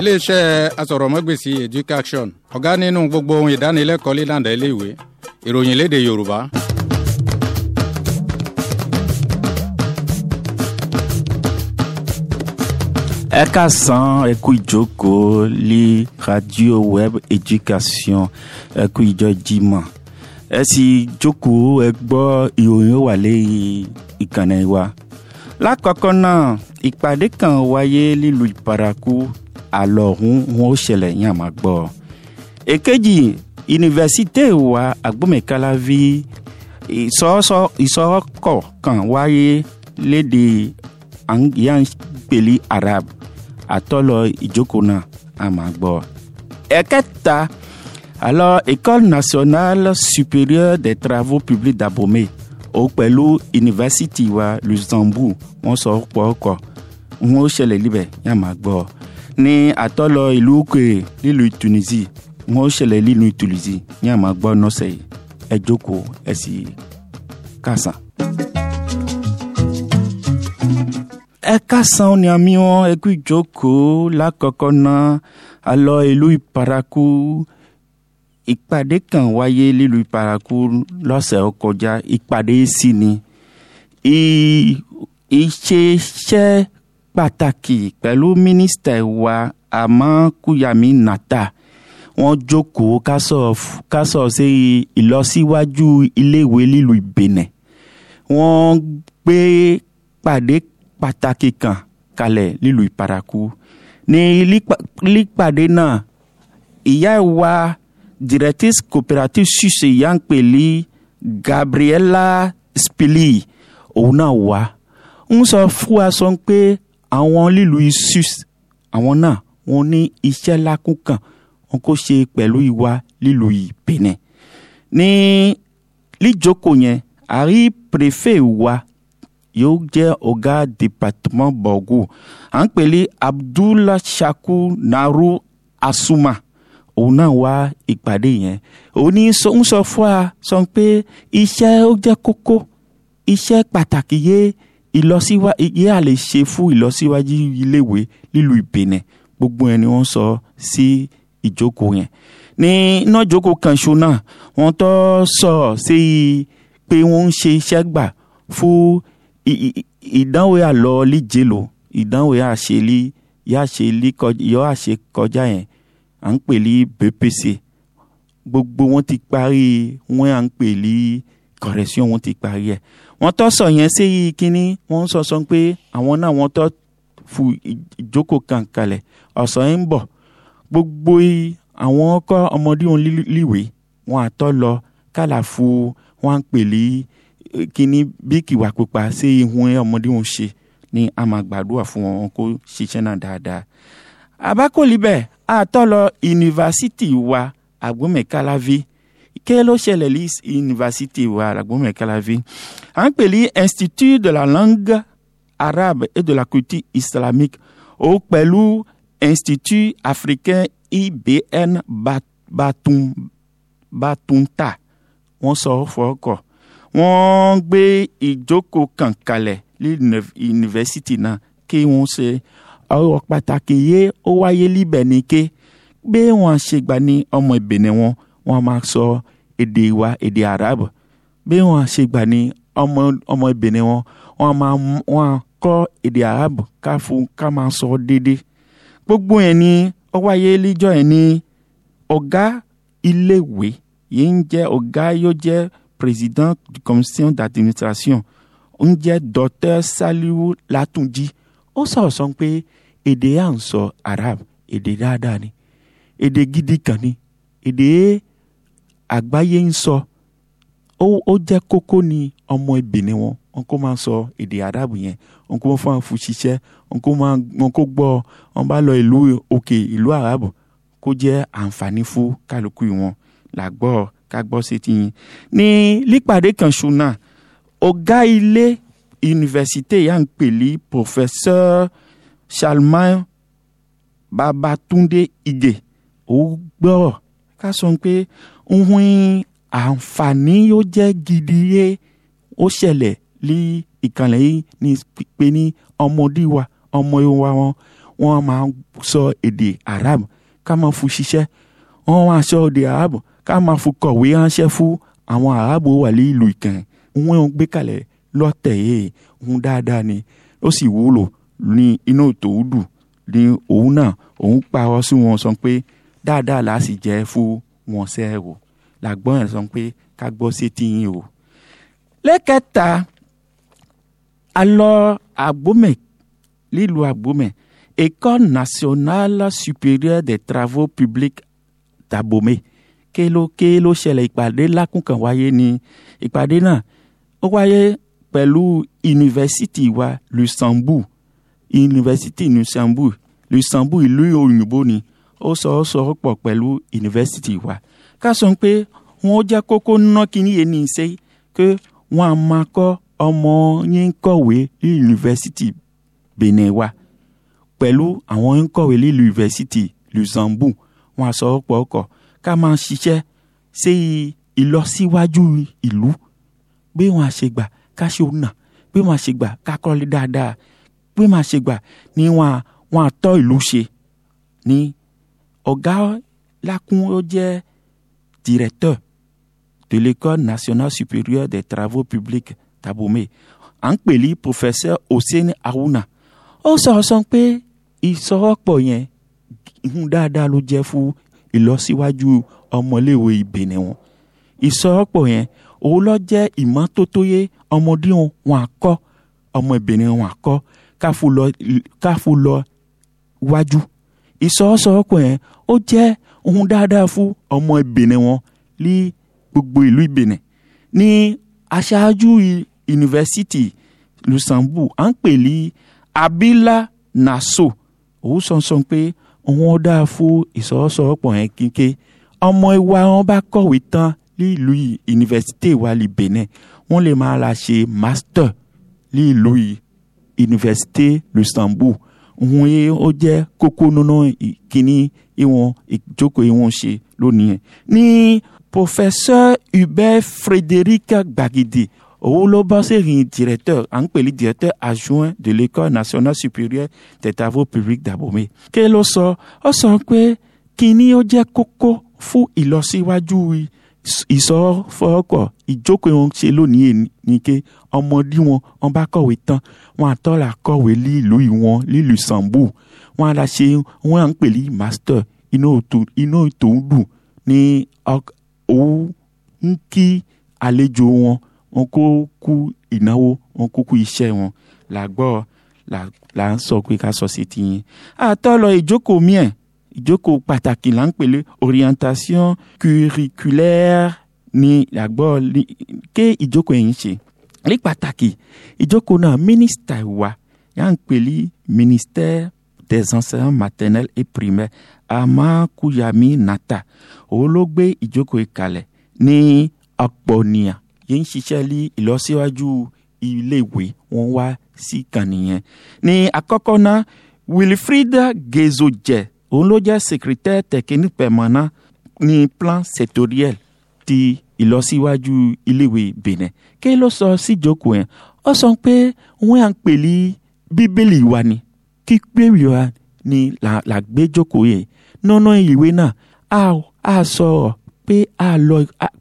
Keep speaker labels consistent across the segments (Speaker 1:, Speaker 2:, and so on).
Speaker 1: iléeṣẹ́ asọ̀rọ̀mọ́gbèsì education ọ̀gá nínú gbogbo ohun ìdánilẹ́kọ̀ọ́ lílànà iléèwé ìròyìn léde yorùbá. ẹ ká san ẹ kú ìjókòó lé radio web education ẹ kú ìjọ jímọ̀ ẹ sì jókòó ẹ gbọ́ ìròyìn wà lẹ́yìn ìkànnì wa lákọ̀ọ́kọ́ náà ìpàdé kan wáyé nílùú ìparaku alɔhun ŋun ó ṣẹlẹ̀ yín àmà gbọ́. èkejì yunifásitì wa agbómìkalavi ìsọ́kọ̀ kan lede léde yànpẹ̀lẹ̀ arab àtọ́lọ ìjókòó náà àmà gbọ́. ẹ̀kẹta alors école nationale supérieure des travaux publics d'abomey ó pẹ̀lú yunifásitì wa luxembourg wọ́n sọ pọ̀ ọkọ̀ wọ́n ó ṣẹlẹ̀ níbẹ̀ yàmà ní àtọ́lọ ìlú òkèèrè nílùú Tunisi wọn ó ṣẹlẹ̀ nílùú Tunisi ní àmọ́ gbọ́ nọ́sẹ̀ ẹ jókòó ẹ sì kásán. ẹ kásán ni àmì wọn ẹ kú ìjókòó lákọ̀ọ́kọ́ náà àlọ́ ìlú ìparaku ìpàdé kan wáyé nílùú ìparaku lọ́sẹ̀ ó kọjá ìpàdé sí ni ìṣeṣẹ́ pàtàkì pẹ̀lú mínísítà wa àmọ́ kúyàmí nàta wọ́n jókòó kásọ̀ sí ìlọsíwájú iléèwé lílu ìbẹ̀nẹ̀ wọ́n gbé pàdé pàtàkì kan kalẹ̀ lílu ìparaku ní lípàdé náà ìyá wa directrice coopérative suisse ìyá ń pè ní Gabriela Spili òun náà wà ń sọ fún wa sọ pé àwọn lílu isus àwọn náà wọ́n ní iṣẹ́ lákún kan wọn kò ṣe pẹ̀lú ìwà lílu ìbẹ̀nẹ̀ ní líjókòó yẹn àrí préfet wa yóò jẹ́ ọ̀gá département bọ̀gù à ń pèlè abdullah shaku naru asuma òun náà wá ìpàdé yẹn òun ní ń sọ fún wa sọ pé iṣẹ́ ó jẹ́ kókó iṣẹ́ pàtàkì yé ìlọsíwájú yìí à lè ṣe fún ìlọsíwájú iléèwé lílu ìbẹ̀nẹ̀ gbogbo ẹni wọ́n sọ sí ìjókòó yẹn ní iná ìjókòó kan ṣo náà wọ́n tó sọ sí i pé wọ́n ń ṣe iṣẹ́ gbà fún ìdánwò àlọ́ líje lò ìdánwò àṣelí yọ àṣe kọjá yẹn à ń pè ní BPC gbogbo wọn ti parí wọn à ń pè ní correction wọn ti parí ẹ̀ wọ́n tọ́ sọ yẹn sí yìí kínní wọ́n sọ sọ pé àwọn náà wọ́n tọ́ fu ìjókòó kan kalẹ̀ ọ̀sán ń bọ̀ gbogbo àwọn ọkọ ọmọdé òun líwèé wọn àtọ́ lọ kálàfo wọn ń pèlè eh, kínní bí kìwà pípa sí ihun ọmọdé òun ṣe ni a máa gbàdúrà fún wọn kó ṣiṣẹ́ náà dáadáa abakoli àtọ́ lọ yunifásitì wa àgbọ̀mẹ̀kálávi kí ló ṣẹlẹ̀ ní yunifásitì wa l'Agbomekalavi à ń pè ní institut de la langue arabe et de la culture islamique ó pẹ̀lú institut africain IBN batun batunta wọ́n sọ fọ́ọ̀kọ̀ wọ́n gbé ìjókòó kan kalẹ̀ ní yunifásitì náà kí wọ́n ṣe ọ̀rọ̀ pàtàkì yé ó wáyé líbẹ̀ ni ké gbé wọn ṣègbà ní ọmọ ìbẹ̀nẹ̀ wọn wọ́n máa sọ. So, èdè wa èdè arab bí wọ́n ṣe gbà ní ọmọ ọmọbìnrin wọn wọ́n máa wọ́n kọ́ èdè arab ká fún ká máa sọ déédéé gbogbo yẹn ni ó wáyé líjọ́ yẹn ní ọ̀gá iléèwé yìí ń jẹ́ ọ̀gá yóò jẹ́ président du commission d'administration ń jẹ́ docteur Saliu Latunji ó sọ̀rọ̀ pé èdè à ń sọ arab èdè dáadáa ni èdè gidi kan ni èdè àgbáyé ń sọ ó jẹ́ kókó ni ọmọ ibì ni wọn wọn kò máa sọ èdè àdàbò yẹn wọn kò fún àwọn fúnṣiṣẹ́ wọn kò máa wọn kò gbọ́ wọn bá lọ ìlú òkè ìlú àràbò kó jẹ́ àǹfààní fún kálukú wọn làgbọ́ kágbọ́ sí ti yín. ní lípàdé kan ṣù náà ọ̀gá ilé yunifásitì yà ń pèlí pòfẹ́sọ́ Salman Babatunde Ige ó gbọ́ ká sọ pé ohun àǹfààní yóò jẹ́ gidi yé ó ṣẹlẹ̀ lé ìkànlẹ̀ yìí ní pé ní ọmọdé wa ọmọ ìwà wọn wọ́n máa sọ èdè arab ká máa fi ṣiṣẹ́ wọ́n máa sọ èdè arab ká máa fi kọ̀wé ránṣẹ́ fún àwọn arab wà ní ìlú ìkàn wọ́n ń gbé kalẹ̀ lọ́tẹ̀ yìí ń dáadáa ni ó sì wúlò ní inú tòódù ní òun náà òun pààrọ̀ sí wọn sọ pé dáadáa là á fún wọn sẹ́ o làgbọ́n yẹn sọ pé ká gbọ́ sétí yín o. lẹ́kẹ̀ta alọ́ àgbómẹ̀ lílu àgbómẹ̀ école nationale supérieure des travaux publics d'Abomey ké ló ké ló ṣẹlẹ̀ ìpàdé lákùnkàn wáyé ni ìpàdé náà ó wáyé pẹ̀lú yunifásitì wa Luxembourg yunifásitì Luxembourg Luxembourg ìlú òyìnbó ni ó sọ ọ́ sọ pọ̀ pẹ̀lú yunifásitì wa ká sọ pé wọ́n jẹ́ kókó ná kíní yẹn ní iṣẹ́ pé wọ́n á máa kọ́ ọmọ yín kọ̀wé ní yunifásitì Benin wa pẹ̀lú àwọn yín kọ̀wé ní yunifásitì Luxembourg wọ́n á sọ pọ̀ ọkọ̀ ká máa ṣiṣẹ́ sí ìlọsíwájú ìlú bí wọ́n á ṣe gbà ká ṣe òun bí wọ́n á ṣe gbà ká kọ́lé dáadáa bí wọ́n á ṣe gbà ni wọ́n á tọ́ ìlú ṣe ní Ọ̀gá Lakun ó jẹ́ directeur de l'école nationale supérieure des travaux publics Tabomé. À ń pè ní professeur Hossein Haruna. Ó sọ̀rọ̀ sọ pé ìsọwọ́pọ̀ yẹn ń dáadáa ló jẹ́ fún ìlọsíwájú ọmọléèwé ìbẹ̀nẹ̀ wọn. ìsọwọ́pọ̀ yẹn òun lọ jẹ́ ìmọ́tótóyé ọmọdé wọn àkọ́ ọmọ ìbẹ̀nẹ̀ wọn àkọ́ káfù lọ wájú ìsọwọ́sowọ́pọ̀ yẹn ó jẹ́ ohun dáadáa fún ọmọ ìbìnrin wọn ní gbogbo ìlú ìbìnrin ní aṣáájú yunifásitì Lusambu à ń pè ní Abila Naso òun sọ̀nsọ̀n pé òun dáa fún ìsọwọ́sowọ́pọ̀ yẹn kíké ọmọ ìwà wọn bá kọ̀wé tán ní ìlú yunifásitì wa ní Benin wọ́n lè máa la ṣe master ní ìlú yunifásitì Lusambu òun yẹn ó jẹ́ kókó nínú ìkíní ìwọ̀n ìjókòó ìwọ̀n ṣe lónìí yẹn. ní professeur hubert frédéric gbàgede òun ló bá sẹ́yìn directeur à ń pèlè directeur adjoint de l'école nationale supérieure des travaux publics d'Abomey. kí ló sọ ọ sọ pé kíní ó jẹ́ kókó fún ìlọsíwájú yìí ìsọfọ́kọ̀ ìjókòó wọn ṣe lónìí ènìké ọmọdé wọn wọn bá kọ̀wé tán wọn àtọ́là kọ̀wé lílù ìwọ̀n lílù sàǹbù wọn àdá ṣe wọn à ń pè ní master inú ètò ń dùn ní òun ń kí àlejò wọn wọn kó kú ìnáwó wọn kó kú iṣẹ́ wọn làgbọ́ là ń sọ pé ká sọ sí tiyín àtọ́lọ ìjókòó miẹ̀ ìjókòó pàtàkì là ń pèlè orientation curriculaire ni àgbọ̀ ké ìjókòó yẹn ń ṣe ní pàtàkì ìjókòó náà mínísítà wa yà ń pèlè ministère des enseignants maternels et primaires amakuyami nata òun ló gbé ìjókòó yìí kalẹ̀ ní akpọ̀nìyàn yìí ń ṣiṣẹ́ lé ìlọsíwájú iléèwé wọn wá sí kànìyàn ní àkọ́kọ́ náà wilfrida gezojẹ òun ló jẹ́ secrétaire technique permanent ní plan sectoriel ti ìlọsíwájú iléèwé benin kí ló sọ síjókòó yẹn ó sọ pé wọn à ń pèlí bíbélì wa ni kí bíbélì wa ni là gbé jókòó yẹn nínú ìwé náà a a sọ̀rọ̀ pé a lọ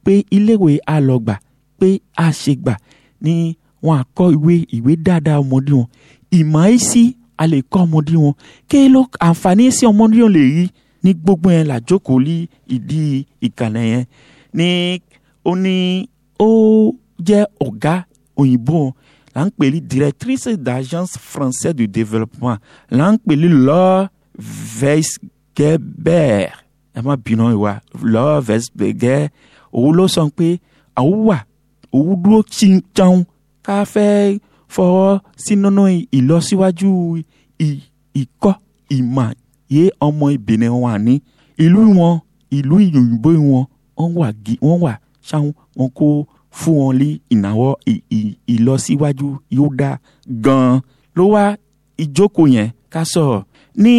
Speaker 1: pé iléèwé a lọ gbà pé a ṣe gbà ni wọn à kọ́ ìwé ìwé dáadáa ọmọdé wọn ìmọ̀ a lè kọ́ ọmọdé wọn kí ló àǹfààní sí ọmọdé wọn lè rí ní gbogbo yẹn làjókòó lé ìdí ìkànnì yẹn ní ó ní ó jẹ́ ọ̀gá òyìnbó là ń pè ní directrice d'agence française de développement là ń pè ní Laure Weisgeber ẹ má bínú ìwà Laure Weisgeber òun ló sọ pé àwọn wà òun dúró tsi ń tsan ká fẹ́ẹ́ fọwọ́ sínú ìlọsíwájú ìkọ́ ìmọ̀ yé ọmọ ìbìnrin wọn ní ìlú wọn ìlú òyìnbó wọn wọ́n wà ṣáwọn wọn kó fún wọn lé ìnáwó ìlọsíwájú yóò dá gan-an ló wá ìjókòó yẹn ká sọ̀rọ̀ ní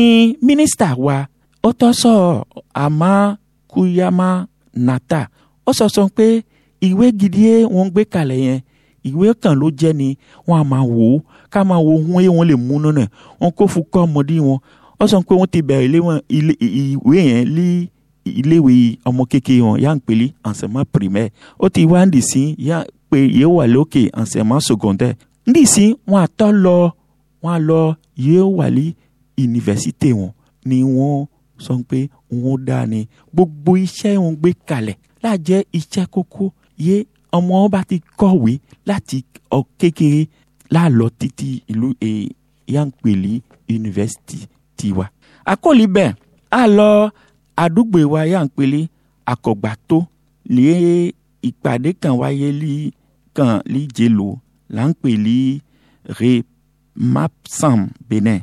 Speaker 1: mínísítà wa ó tọ́ sọ̀rọ̀ àmọ́ kúyàmá nàta ó sọ sọ pé ìwé gidi wọn gbé kalẹ̀ yẹn ìwé kan ló jẹ́ ni wọ́n á máa wò ó ká máa wo ohun èyí wọ́n lè mú nínú ẹ̀ wọ́n kó fún kọ́ ọmọdé wọn ó sọ pé wọ́n ti bẹ̀rẹ̀ ìwé yẹn lé iléèwé ọmọ kékeré wọn yá ń pèlè enseignement primaire ó ti wá ń dì sí yá pé yóò wà lókè enseignement secondaire ń dì sí wọn àtọ́ lọ wọn lọ yóò wà lé yunifásitì wọn ni wọ́n sọ pé wọ́n dá ni gbogbo iṣẹ́ wọn gbé kalẹ̀ láàjẹ́ iṣẹ́ kókó yé ọmọ bá ti kọ̀wé láti kékeré láàlọ́ títí ìlú e, yankpele yunifásitì tiwa. àkọlé bẹ́ẹ̀ a lọ àdúgbò wa yankpele àkọ́gbàtó lé ìpàdé kan wáyé lí kan lí jèlò là ń pè lí remapsam benin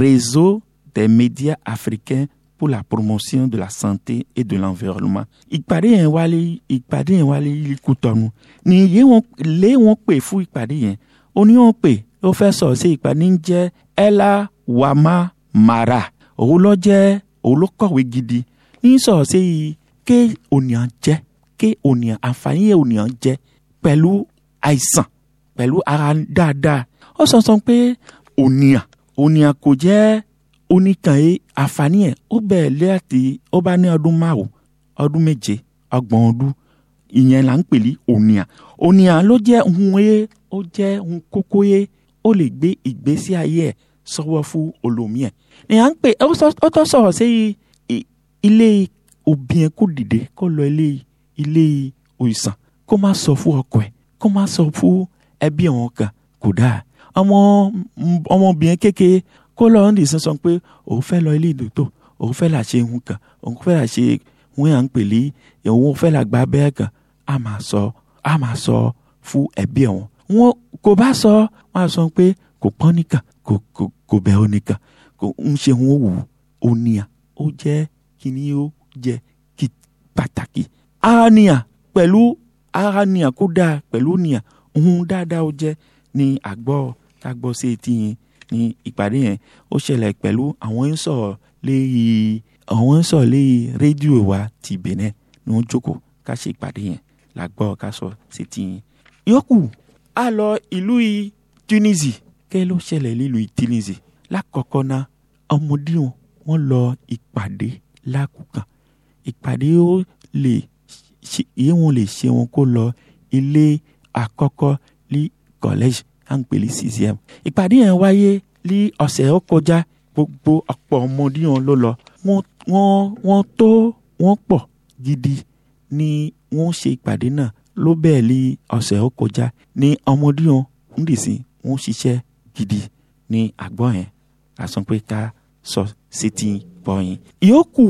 Speaker 1: réseau des médias africains pour la promotion de la santé et de l'environnement. Ìpàdé yẹn wálé ìpàdé yẹn wálé ìlú Kútọ̀nù ní iye wọn lé wọn pè fún ìpàdé yẹn ó ní wọn pè ó fẹ́ sọ̀rọ̀ sí ìpàdé ń jẹ́ Ella Wama Mara òun ló jẹ́ òun ló kọ̀wé gidi ń sọ̀rọ̀ sí ké ònìyàn jẹ́ ké ònìyàn àǹfààní yẹn ònìyàn jẹ́ pẹ̀lú àìsàn pẹ̀lú ara dáadáa ó sọ sọ pé ònìyàn ònìyàn kò jẹ́ oníkan yìí àǹfààní ẹ̀ ó bẹ̀rẹ̀ láti ó bá ní ọdún márùn ọdún méje ọgbọ̀n ọdún ìyẹn là ń pè ní ònìà ònìà ló jẹ́ ohun yẹ ó jẹ́ ohun kókó yẹ ó lè gbé ìgbésí ayé ẹ̀ sọ́wọ́ fún olómi ẹ̀ ni à ń pè ó tó sọ̀rọ̀ sí ilé òbí ẹ̀ kó dìde kó lọ ilé ilé òìsàn kó má sọ fún ọkọ ẹ̀ kó má sọ fún ẹbí ọ̀hún kan kò dáa ọmọ ọmọbìnrin kékeré kó lọ ọ́n nìsín sọ pé òun fẹ́ lọ ilé ìdòtò òun fẹ́ là ṣe ihun kan òun fẹ́ là ṣe wọn à ń pè lé òun fẹ́ là gba abẹ́rẹ́ kan a máa sọ a máa sọ fún ẹbí ẹ̀ wọn. kò bá sọ wọn á sọ pé kò pọ́n nìkan kò kò kò bẹ̀ ọ́ nìkan kò ń ṣe wọn wù ó níyà ó jẹ́ kí ni ó jẹ́ kí pàtàkì. ara níyà pẹ̀lú ara níyà kó dáa pẹ̀lú níyà ohun dáadáa ó jẹ́ ní àgbọ̀ tágbọ́ sí etí yẹn ní ìpàdé yẹn ó ṣẹlẹ̀ pẹ̀lú àwọn ń sọ̀rọ̀ léyì àwọn ń sọ̀rọ̀ léyì rédíò wa ti Benin ní wọ́n jókòó ká ṣe ìpàdé yẹn la gbọ́ ká sọ sí ti yẹn. yòókù a lọ ìlú Tunisia kẹ́ ló ṣẹlẹ̀ nílùú Tunisia lákọ̀ọ́kọ́ ná ọmọdé wọn wọ́n lọ ìpàdé lákùkàn ìpàdé ó lè ṣe èyí wọn lè ṣe wọn kó lọ ilé àkọ́kọ́ ní collège à ń pè ní sixième. ìpàdé yẹn wáyé ní ọ̀sẹ̀ ó kọjá gbogbo ọ̀pọ̀ ọmọdé wọn ló lọ wọ́n tó wọ́n pọ̀ gidi ni wọ́n ṣe ìpàdé náà ló bẹ́ẹ̀ ní ọ̀sẹ̀ ó kọjá ní ọmọdé wọn ń dì sí wọ́n ṣiṣẹ́ gidi ní àgbọ̀ yẹn àsọ pé ká sọ sétí bọ̀yìn. ìyókù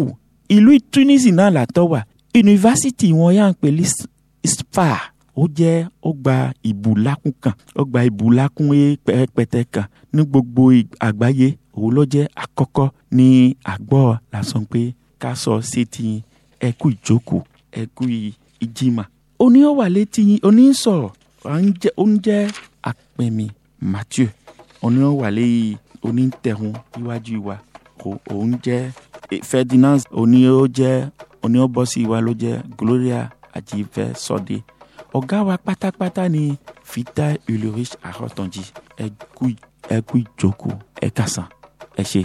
Speaker 1: ìlú Tunisi náà làtọ̀ wà yunifásitì wọn yà ń pè ní SPAR ó jẹ́ ó gba ìbùlákùn kan ó gba ìbùlákùn e pẹpẹtẹ kan ní gbogbo àgbáyé òun ló jẹ́ àkọ́kọ́ ní àgbọ̀ lásán pé ká sọ sétí ẹ kú ìjókòó ẹ kú ìjìmà oní ọ̀wà létí oní sọ̀rọ̀ ó ń jẹ́ àpẹ̀mí Mathieu oní ọ̀wà léyìí oní tẹ̀hún iwájú wa òun jẹ́ Ferdinand oní ó jẹ́ oní ó bọ́ sí wa ló jẹ́ Gloria àjífẹ́ sọ́dé. So ọ̀gá wa pátápátá ni Fida Ulrich Arotanji ẹ kú ìjókòó ẹ kásán ẹ ṣe.